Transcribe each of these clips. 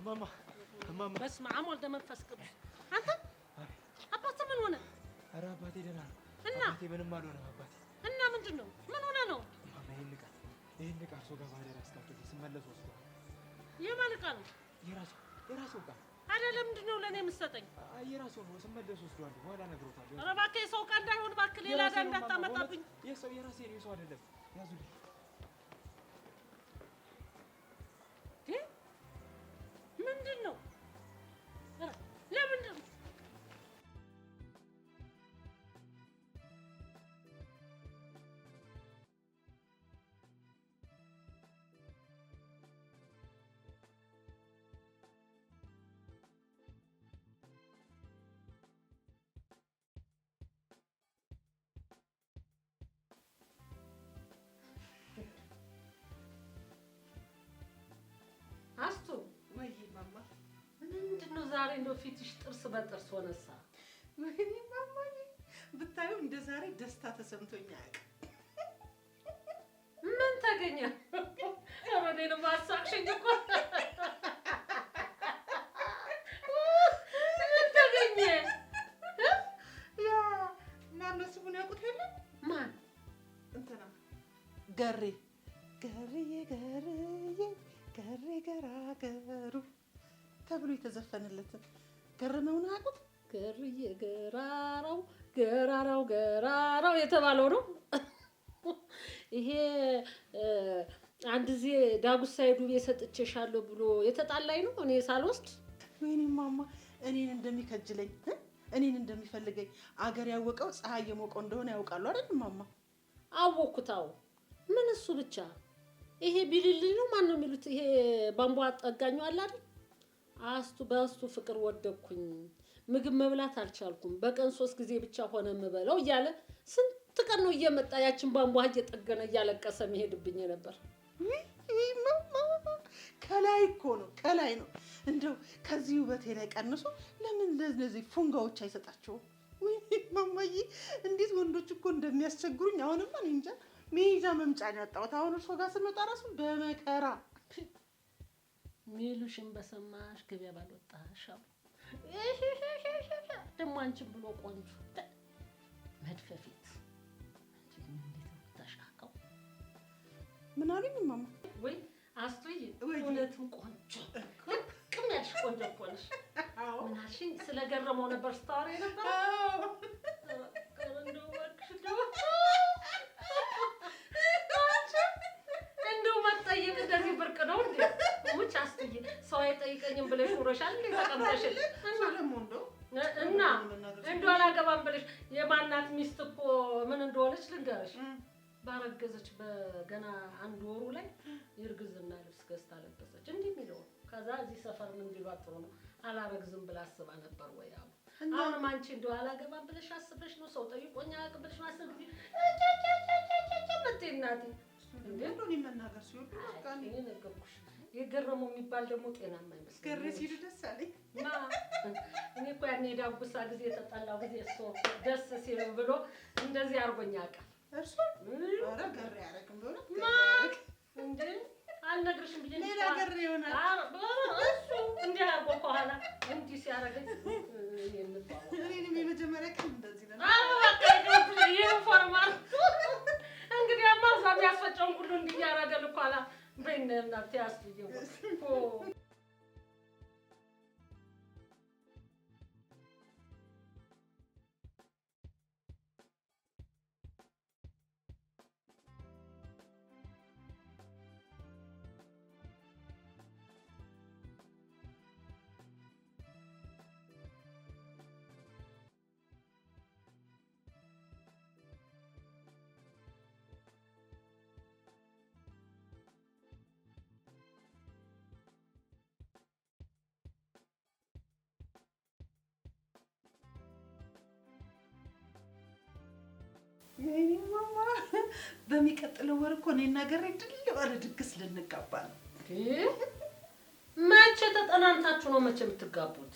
እማማ እማማ፣ በስመ አብ ወልደ መንፈስ ቅዱስ። አንተ አባቴ ምን ሆነ? ኧረ አባቴ ደህና ነው። እና አባቴ ምንም አልሆነም። አባቴ እና ምንድን ነው? ምን ሆነ ነው? እማማ፣ ይሄን ዕቃ ይሄን ዕቃ እርሶ ጋር ባህር ያስቀምጡልኝ፣ ስመለስ ወስደዋል። የማን ዕቃ ነው? የራሱ የራሱ ዕቃ አይደለም። ምንድን ነው ለእኔ የምትሰጠኝ? የራሱ ነው፣ ስመለስ ወስደዋል። በኋላ እነግሮታለሁ። ኧረ እባክህ የሰው ዕቃ እንዳይሆን እባክህ፣ ሌላ ዕዳ እንዳታመጣብኝ። የሰው የራሴ ነው፣ የሰው አይደለም። ያዙልኝ አስቱ ወይ ማማ ምንድን ዛሬ እንደው ፊትሽ ጥርስ በጥርስ ሆነሳ? ወይኔ ማማ ብታዩ እንደ ዛሬ ደስታ ተሰምቶኝ አያውቅም። ምን ተገኘ? ኧረ እኔንም አሳቅሽኝ እኮ ምን ተገኘ? ገሬ ገሬ ገሩ ተብሎ የተዘፈነለትን ገረመውን አቁት ገርዬ ገራራው ገራራው ገራራው የተባለው ነው። ይሄ አንድ ጊዜ ዳጉሳ ዱቤ ሰጥቼሻለሁ ብሎ የተጣላኝ ነው። እኔ ሳልወስድ ወይኔ ማማ እኔን እንደሚከጅለኝ እኔን እንደሚፈልገኝ አገር ያወቀው ፀሐይ የሞቀው እንደሆነ ያውቃሉ አይደል ማማ? አወኩታው ምን እሱ ብቻ ይሄ ቢልልኝ ነው ማን ነው የሚሉት? ይሄ ቧንቧ ጠጋኙ አለ አይደል? አስቱ በአስቱ ፍቅር ወደኩኝ፣ ምግብ መብላት አልቻልኩም፣ በቀን ሶስት ጊዜ ብቻ ሆነ የምበለው እያለ ስንት ቀን ነው እየመጣ ያችን ቧንቧ እየጠገነ እያለቀሰ መሄድብኝ ነበር። ከላይ እኮ ነው ከላይ ነው። እንደው ከዚህ ውበቴ ላይ ቀንሶ ለምን ለነዚህ ፉንጋዎች አይሰጣቸውም? ወይ ማማዬ፣ እንዴት ወንዶች እኮ እንደሚያስቸግሩኝ አሁንማ እኔ እንጃ። መሄጃ መምጫ ነው ያጣሁት። አሁን እርሶ ጋር ስመጣ ራሱ በመከራ ሚሉሽን በሰማሽ ግቢያ ባልወጣሽ አሉ። ደግሞ አንቺን ብሎ ቆንጆ መድፈፊት ተሻቀው ምን አሉኝ ማማ? ወይ አስቶዬ እውነትም ቆንጆ ልቅም ያልሽ ቆንጆ እኮ ነሽ። ምን አልሽኝ? ስለገረመው ነበር ስታወራ ነበር አትሰጠኝም ብለሽ ኑሮሻል እንዴ? ተቀምጠሽል እና እንደው አላገባም ብለሽ የማናት ሚስት እኮ ምን እንደሆነች ልንገርሽ። ባረገዘች በገና አንድ ወሩ ላይ የእርግዝና ልብስ ገዝታ ለበሰች። እንዲህ የሚለው ከዛ እዚህ ሰፈር ምን ቢሏት ጥሩ ነው አላረግዝም ብላ አስባ ነበር ወይ አሉ። አሁንም አንቺ እንደው አላገባም ብለሽ አስበሽ ነው ሰው ጠይቆኝ አያውቅም ብለሽ ማሰብ ጊዜ መቴ እናቴ እንዴ መናገር ሲወዱ ነገርኩሽ የገረመው የሚባል ደግሞ ጤናማ አይመስለኝም። ገር ሲሉ ደስ አለኝ። እኔ እኮ ያኔ ዳጉሳ ጊዜ የተጠላው ጊዜ እሱ ደስ ሲሉ ብሎ እንደዚህ አርጎኛ ቀ እርሱ ኧረ ብሎ እንደ አልነግርሽም ሌላ ይሆናል። እሱ እንዲህ ከኋላ እንዲህ ሲያደርገኝ እኔንም የመጀመሪያ ቀን እንደዚህ ነው ይህ ፎርማል እንግዲህ ሁሉ Винен на тяслі його. የኔ ማማ በሚቀጥለው ወር እኮ እኔ እናገሬ ድል ባለ ድግስ ልንጋባ ነው። መቼ ተጠናንታችሁ ነው መቼ የምትጋቡት?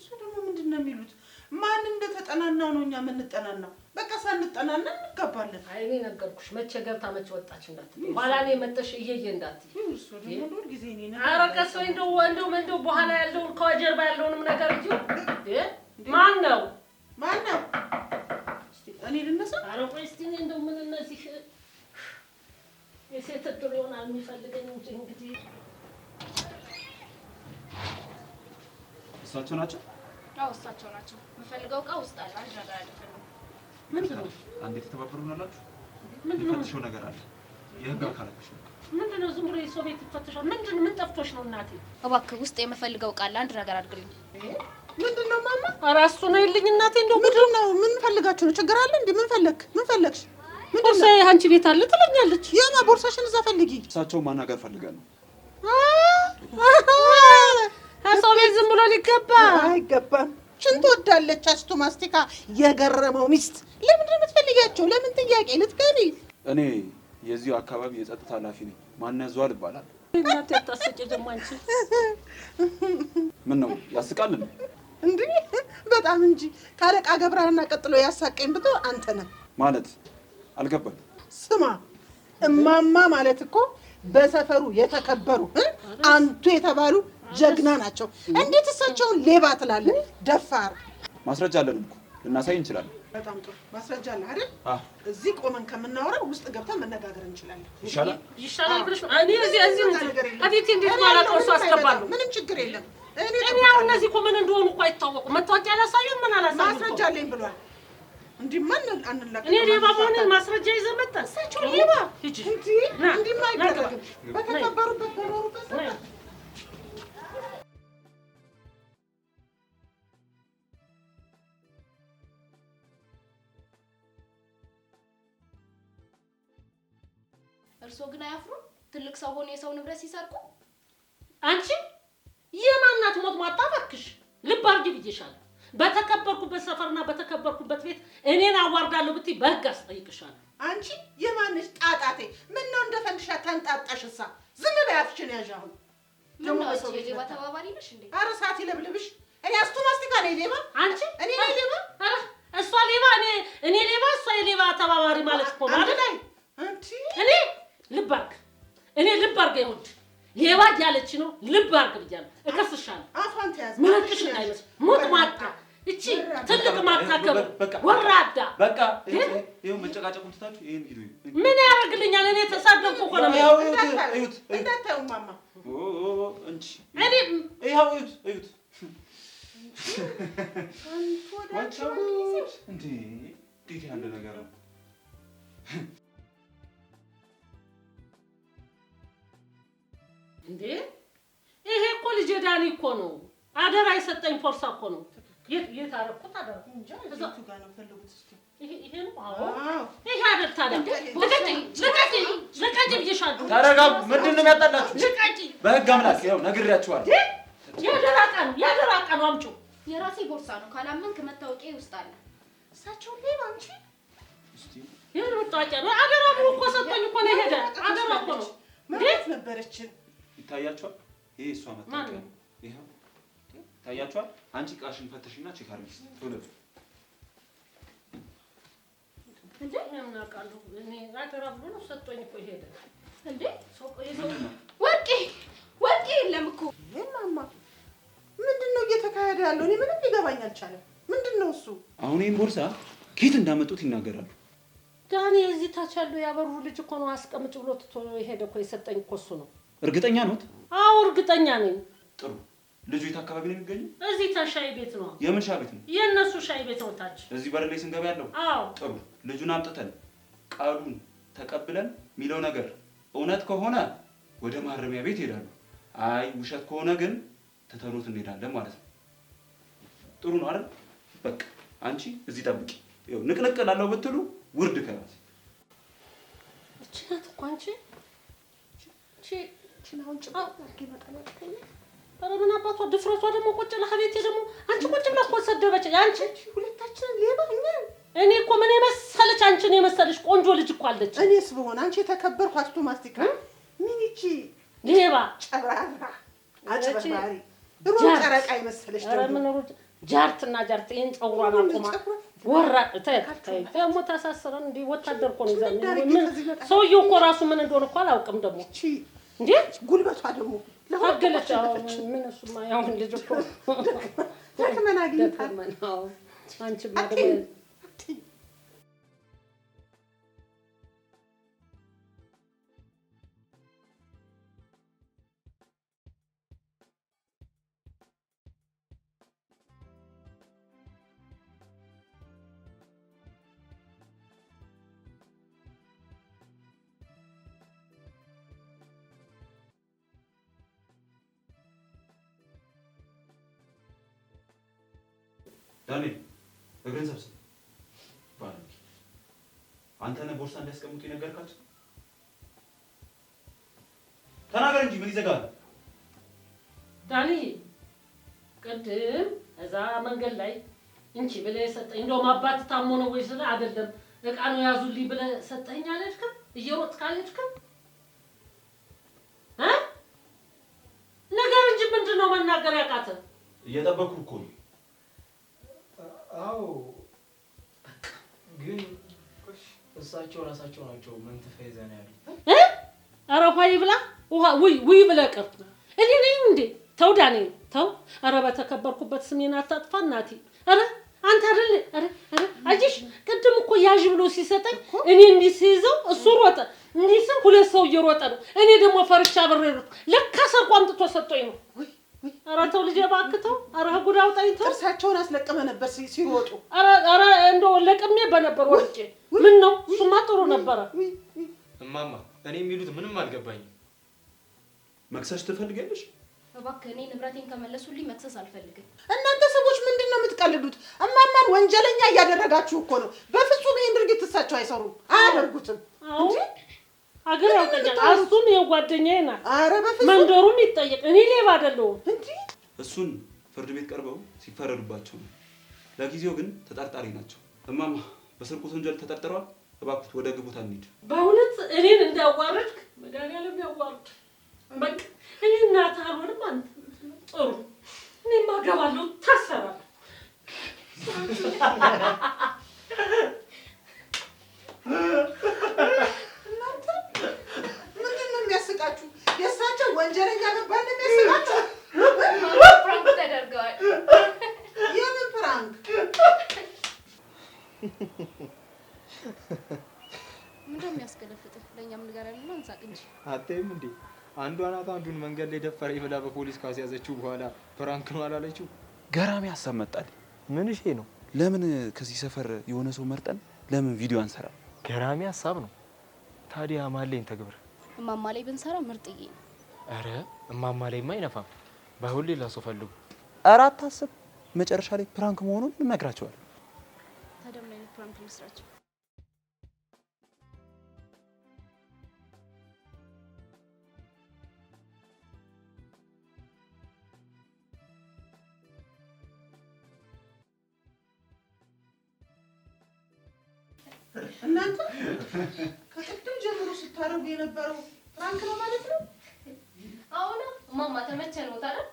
እሱ ደግሞ ምንድን ነው የሚሉት? ማን እንደተጠናናው ነው እኛ የምንጠናናው? በቃ ሳንጠናና እንጋባለን። አይ እኔ ነገርኩሽ፣ መቼ ገብታ መቼ ወጣች እንዳትዪ፣ ኋላ እኔ መጠሽ እየዬ እንዳትዪ። ኧረ ቀስ ወይ እንደው እንደው በኋላ ያለውን ከጀርባ ያለውንም ነገር እ ማን ነው ማን ነው እኔ ልነሳ? ኧረ ቆይ እስኪ እኔ እንደው ምን እነዚህ የሴት እድል ይሆናል የሚፈልገኝ እንጂ እንግዲህ እሳቸው ናቸው። አዎ እሳቸው ናቸው። የምፈልገው እቃ ውስጥ አለ። አንድ ነገር ምንድን ነው? አንዴ ምንድን ነው? ነገር አለ። የህግ አካላቶች ነው ምንድን ነው ዝም ብሎ የሰው ቤት ይፈተሻል? ምንድን ምን ጠፍቶሽ ነው እናቴ? እባክህ ውስጥ የምፈልገው ቃል አንድ ነገር አድርግልኝ። ምንድን ነው ማማ? ኧረ እሱ ነው የለኝ እናቴ። እንደው ምንድን ነው ምን ፈልጋችሁ ነው? ችግር አለ እንዴ? ምን ፈለግ ምን ፈለግሽ? ቦርሳ አንቺ ቤት አለ ትለኛለች። የማ ቦርሳሽን እዛ ፈልጊ። እሳቸው ማናገር ፈልጋለሁ። ከሰው ቤት ዝም ብሎ ሊገባ አይገባም። ሽን ትወዳለች። አስቱ ማስቲካ የገረመው ሚስት ለምንድን ነው የምትፈልጊያቸው? ለምን ጥያቄ ልትገቢ እኔ የዚሁ አካባቢ የጸጥታ ኃላፊ ነኝ። ማነዟል ይባላል። ምን ነው ያስቃል? እንዴ በጣም እንጂ ካለቃ ገብረሃና ቀጥሎ ያሳቀኝ ብቶ አንተ ነህ ማለት አልገባኝ። ስማ እማማ ማለት እኮ በሰፈሩ የተከበሩ አንቱ የተባሉ ጀግና ናቸው። እንዴት እሳቸውን ሌባ ትላለህ? ደፋር ማስረጃ አለን እኮ ልናሳይ እንችላለን። በጣም ጥሩ ማስረጃ አለ አይደል? እዚህ ቆመን ከምናወራ ውስጥ ገብተን መነጋገር እንችላለን። ምንም ችግር የለም። እኔ አሁን እነዚህ እኮ እንደሆኑ እኮ አይታወቁም። መታወቂያ አላሳዩም፣ ምን አላሳዩም። ማስረጃ አለኝ ብሏል። እንዲህ ማን እኔ ሌባ መሆኔን ማስረጃ ይዘህ መጣ። እሳቸው ሌባ እንዲህ እንዲህ በተከበሩበት በኖሩበት ግን አያፍሩም? ትልቅ ሰው ሆኖ የሰው ንብረት ሲሰርቁ። አንቺ የማናት ሞት ማጣበክሽ ልብ አድርጊ ብዬሻለሁ። በተከበርኩበት ሰፈርና በተከበርኩበት ቤት እኔን አዋርዳለሁ ብትይ በህግ አስጠይቅሻለሁ። አንቺ የማንሽ ጣጣቴ ምን ነው እንደ ፈንድሻ ዝም በይ አፍሽን ያዥ። አሁን ደግሞ ሰው ልጅ ተባባሪ ነሽ እንዴ? ኧረ ሰዓት ይለብልብሽ። እኔ አስቱ ማስቲካ ነኝ ሌባ። አንቺ እኔ ነኝ ሌባ። ኧረ እሷ ሌባ እኔ እኔ ሌባ እሷ የሌባ ተባባሪ ማለት እኮ ማለት ላይ አንቺ እኔ ልብ አድርግ። እኔ ልብ አድርግ። ይሁድ ሌባ እያለች ነው። ልብ አድርግ ብያለሁ። እከስሻለሁ። አፏን ማታ እቺ ትልቅ ማታከብ ወራዳ በቃ ይሄን ሂዱ። ምን ያደርግልኛል? እኔ ተሳደብኩ እኮ ነው። ማማ ኦ እኔ ይሄው እንዴ! እንዴት ያለ ነገር ነው! እንዴ ይሄ እኮ ልጄ ዳኒ እኮ ነው። አደራ የሰጠኝ ፖርሳ እኮ ነው። የት የት አደረኩት? ተረጋጉ። ምንድን ነው የሚያጣላችሁ? በህግ አምላክ ይኸው ነግሬያችኋለሁ። የአደራ ቀን የአደራ ቀን አምጪው። የራሴ ቦርሳ ነው። ካላመንክ መታወቂያ ውስጥ አለ። እሳቸው ላይ አንቺ እስቲ መታወቂያ ነው። አደራ ብሎ እኮ ሰጠኝ እኮ ነው። ሄደ አደራ እኮ ነው። ማለት ነበረችን ይታያቸዋል። ይሄ እሷ መታወቂያ ነው። ይሄው ይታያቸዋል። አንቺ እቃሽን ፈተሽና ቼክ አድርጊ ቶሎ የለም እኮ ማማ። ምንድን ነው እየተካሄደ ያለው? እኔ ምንም ሊገባኝ አልቻለም። ምንድን ነው እሱ? አሁን ይህን ቦርሳ ከየት እንዳመጡት ይናገራሉ። ዳንኤል እዚህ ታች ያለው ያበሩ ልጅ እኮ ነው። አስቀምጭ ብሎ ትቶ ሄደ እኮ የሰጠኝ እኮ እሱ ነው እርግጠኛ ኖት? አዎ እርግጠኛ ነኝ። ጥሩ። ልጁ የት አካባቢ ነው የሚገኘው? እዚህ ሻይ ቤት ነው። የምን ሻይ ቤት ነው? የእነሱ ሻይ ቤት ነው። ታች እዚህ በር ላይ ስንገባ ያለው? አዎ። ጥሩ። ልጁን አምጥተን ቃሉን ተቀብለን የሚለው ነገር እውነት ከሆነ ወደ ማረሚያ ቤት ይሄዳሉ። አይ ውሸት ከሆነ ግን ትተኑት እንሄዳለን ማለት ነው። ጥሩ ነው አይደል? በቃ አንቺ እዚህ ጠብቂ። ይኸው ንቅንቅ ላለው ብትሉ ውርድ ከራስ እቺ ናት እኮ አንቺ ኧረ ምን አባቷ ድፍረቷ ደግሞ ቁጭ ብላ ከቤቴ ደግሞ አንቺ ቁጭ ብላ እኮ ሰደበች። አንቺ ሁለታችንን ሌባ እኛ እኔ እኮ ምን የመሰለች አንቺን የመሰለች ቆንጆ ልጅ እኮ አለች። እኔስ በሆነ አንቺ የተከበርኩ አቶ ማስቲካ ምን ይቺ ሌባ ጨራራ አጭበርባሪ ሩብ ጨረቃ የመሰለች ምን ሩብ ጃርትና ጃርት ይህን ጨውሯን አቁማ ወራ ደግሞ ታሳስረን እንዲህ ወታደር እኮ ነው። ሰውዬው እኮ ራሱ ምን እንደሆነ እኮ አላውቅም ደግሞ እንዴ ጉልበቷ ደግሞ ታገለች። ምን እሱማ ያው ልጅ እኮ ደክመን አግኝታ አንቺማ ዳንኤል እግረን ሰብስብ። ባንክ አንተ ነህ ቦርሳ እንዲያስቀምጡ የነገርካቸው። ተናገር እንጂ ምን ይዘጋል? ዳኒ ቅድም እዛ መንገድ ላይ እንቺ ብለህ የሰጠኝ እንደውም አባት ታሞ ነው ወይ ስለ አይደለም እቃ ነው ያዙልኝ ብለህ ሰጠኝ አለችክም። እየሮጥክ አለችክም። ነገር እንጂ ምንድን ነው መናገር ያቃተ? እየጠበኩህ እኮ ነው አዎ ግን እሳቸው ራሳቸው ናቸው መንትፈ ይዘን ያሉት። ኧረ ሆይ ብላ ውይ ብለህ ቀርቶ እኔ ነኝ እንዴ? ተው ዳንኤል ተው። ኧረ በተከበርኩበት ስሜን አታጥፋ እናቴ። ኧረ አንተ አይደል? ኧረ አየሽ፣ ቅድም እኮ ያዥ ብሎ ሲሰጠኝ እኔ እንዲህ ስይዘው እሱ ሮጠ። እንዲህ ስል ሁለት ሰው እየሮጠ ነው። እኔ ደግሞ ፈርቻ ብሬ ነው። ለካ ሰርቆ አምጥቶ ሰጠኝ ነው ኧረ ተው ልጄ እባክህ ተው። ኧረ ጉድ አውጣኝ ተው። ጥርሳቸውን አስለቅመ ነበር ሲወጡ። ኧረ እንደው ለቅሜ በነበር ወርቄ። ምን ነው እሱማ ጥሩ ነበረ። እማማ እኔ የሚሉት ምንም አልገባኝም። መክሰስ ትፈልጋለሽ? እባክህ እኔ ንብረቴን ከመለሱልኝ መክሰስ አልፈልግም። እናንተ ሰዎች ምንድን ነው የምትቀልዱት? እማማን ወንጀለኛ እያደረጋችሁ እኮ ነው። በፍጹም ይህን ድርጊት እሳቸው አይሰሩም፣ አያደርጉትም አዎ አገር ያውቀኛል። እሱን ይኸው ጓደኛዬ ናት። ኧረ በፍፁም መንደሩም ይጠየቅ። እኔ ሌባ አይደለሁም። እሱን ፍርድ ቤት ቀርበው ሲፈረዱባቸው ነው። ለጊዜው ግን ተጠርጣሪ ናቸው። እማማ በስርቆት ወንጀል ተጠርጥረዋል። እባክህ ወደ እንሂድ። በእውነት እኔን እንዳዋረድክ መድኃኒዓለም ያዋርድ። በቃ እኔ እናትህ አልሆንም። አንተ ጥሩ እኔ ማገባለሁ። ወንጀለኛ ገባለ ሚያስባቸው ፕራንክ ተደርገዋል። የምን ፕራንክ? የሚያስገለፍጥ? እንጂ እንዴ? አንዷ ናት አንዱን መንገድ ላይ ደፈረ ብላ በፖሊስ ካስያዘችው በኋላ ፕራንክ ነው አላለችው? ገራሚ ሀሳብ መጣልኝ። ምን ሼ ነው? ለምን ከዚህ ሰፈር የሆነ ሰው መርጠን ለምን ቪዲዮ አንሰራ? ገራሚ ሀሳብ ነው። ታዲያ ማለኝ ተግብር እማማ ላይ ብንሰራ ምርጥዬ ነው። አረ እማማ ላይማ አይነፋም። በሁሌ ላሶ ፈልጉ። ኧረ አታስብ፣ መጨረሻ ላይ ፕራንክ መሆኑን እነግራቸዋለሁ። ታዲያ ምን አይነት ፕራንክ ልስራቸው? እናንተ ከቅድም ጀምሮ ስታደርጉ የነበረው ፕራንክ ነው ማለት ነው? እማማ ተመቸን ቦታ አይደል?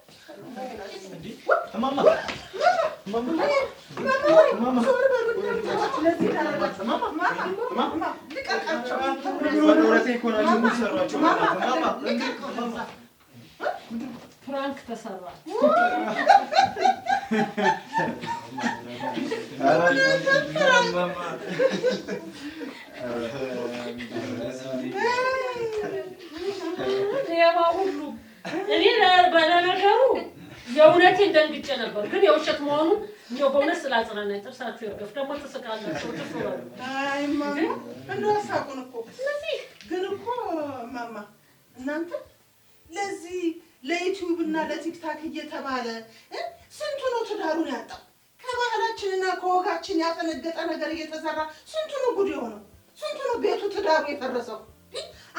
ተሰራ። የእውነቴን ደንግጬ ነበር፣ ግን የውሸት መሆኑ እንደው በእውነት ስላጽናና ጥርሳችሁ ይርገፍ። ደግሞ ትስቃላችሁ። አይ እማማ እንደው እኮ። ስለዚህ ግን እኮ ማማ እናንተ ለዚህ ለዩቲዩብ እና ለቲክታክ እየተባለ ስንቱ ነው ትዳሩን ያጣው? ከባህላችንና ከወጋችን ያፈነገጠ ነገር እየተሰራ ስንቱ ነው ጉድ የሆነው? ስንቱ ነው ቤቱ ትዳሩ የፈረሰው?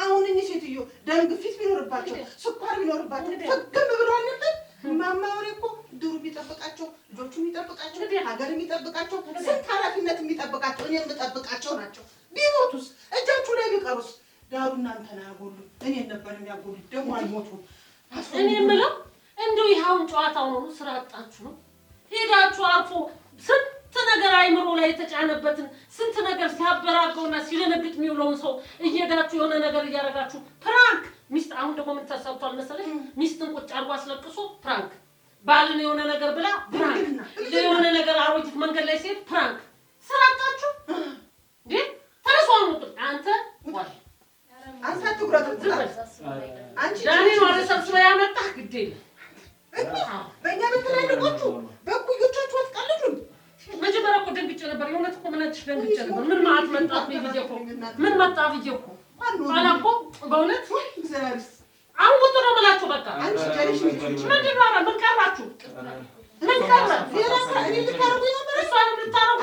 አሁን እኚህ ሴትዮ ደም ግፊት ቢኖርባቸው ስኳር ቢኖርባቸው ፍግም ብሎ አለበት ማማ ወሬ እኮ ድሩ የሚጠብቃቸው ልጆቹ የሚጠብቃቸው ሀገር የሚጠብቃቸው ስንት ኃላፊነት የሚጠብቃቸው እኔ የምጠብቃቸው ናቸው። ቢሞቱስ እጃችሁ ላይ ቢቀሩስ? ዳሩ እናንተን አያጎሉ እኔ ነበር የሚያጎሉ ደግሞ አልሞቱ። እኔ የምለው እንደው ይኸውን ጨዋታ ነው። ስራ አጣችሁ ነው ሄዳችሁ አርፎ ስንት ነገር አይምሮ ላይ የተጫነበትን ስንት ነገር ሲያበራገውና ሲለነግጥ የሚውለውን ሰው እየሄዳችሁ የሆነ ነገር እያደረጋችሁ ፕራንክ ሚስት አሁን ደግሞ ምን ተሰብቷል መሰለሽ? ሚስትን ቁጭ አድርጎ አስለቅሶ ፕራንክ ባልን የሆነ ነገር ብላ ፕራንክ የሆነ ነገር አሮጊት መንገድ ላይ ሲሄድ ፕራንክ ስራጣችሁ እንዴ ተረሷን ነው አንተ አንተ ትኩረት ትዝበል አንቺ ዳኒ ነው ግዴ በእኛ አትቀልዱ። መጀመሪያ ነበር። ምን ማለት መጣፍ ብዬ እኮ ምን መጣፍ በእውነት አውጡ ነው የምላችሁ። በቃ ምንድን ነው? ምን ቀራችሁ? ምን ቀረ? እሷንም ልታረጉ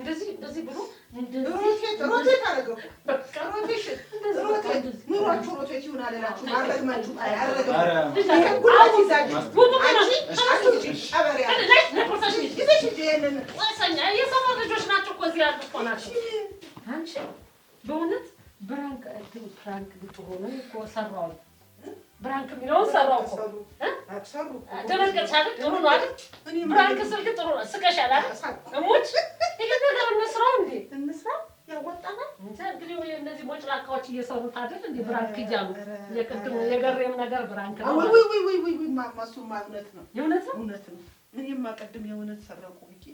እንደዚህ እንደዚህ ብሎ ሮቴት ሮቴት አደረገው። በቃ ሮቴሽን ሮቴት ኑሯችሁ ሮቴት ይሁን አለላችሁ። ማረግማችሁ ይዛችሁ በእውነት ብራንክ እንትን ፕራንክ ብትሆኑ እኮ ሰራው። ብራንክ የሚለውን ሰራው እኮ ደነገጥሽ አይደል? ጥሩ ነው አይደል? ብራንክ ስልክ ጥሩ ነው። ስቀሻል አይደል? እሙች ያወጣናል። እንግዲህ እነዚህ ሞጭላቃዎች እየሰሩት አይደል? እንደ ብራንክ እያሉ የቅድሙ የገሬም ነገር ብራንክ ነው። እሱማ እውነት ነው፣ የእውነት ነው፣ እውነት ነው። እኔማ ቅድም የእውነት ሰረቁ ብዬ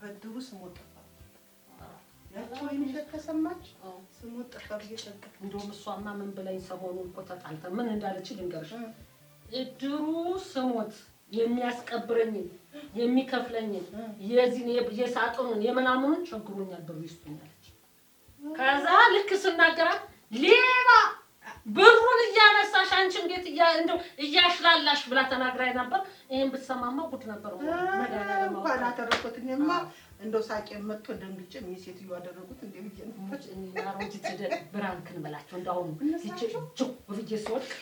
በድሩ ስሞት ጠፋ። ያቺ ወይም ከተሰማች ስሞት ጠፋ ብዬ ጨንቀት። እንደውም እሷማ ምን ብላኝ ሰሞኑን እኮ ተጣልተን ምን እንዳለች ልንገርሽ። እድሩ ስሞት የሚያስቀብረኝን የሚከፍለኝን የዚህን የሳጥኑን የምናምኑን ቸግሮኛል ብሩ ይስጡኛለች ከዛ ልክ ስናገራት ሌባ ብሩን እያነሳሽ አንቺ እንዴት እንደው እያሽላላሽ ብላ ተናግራኝ ነበር። ይህን ብትሰማማ ጉድ ነበር። እንኳን አደረኩት። እኔማ እንደው ሳቄ መጥቶ ደንግጬ ሴትዮ አደረጉት እንደ ብዬሽ ነው አሮጊት ብራንክን በላቸው እንዳሁኑ ሲቼ ብዬሽ ስወድቅ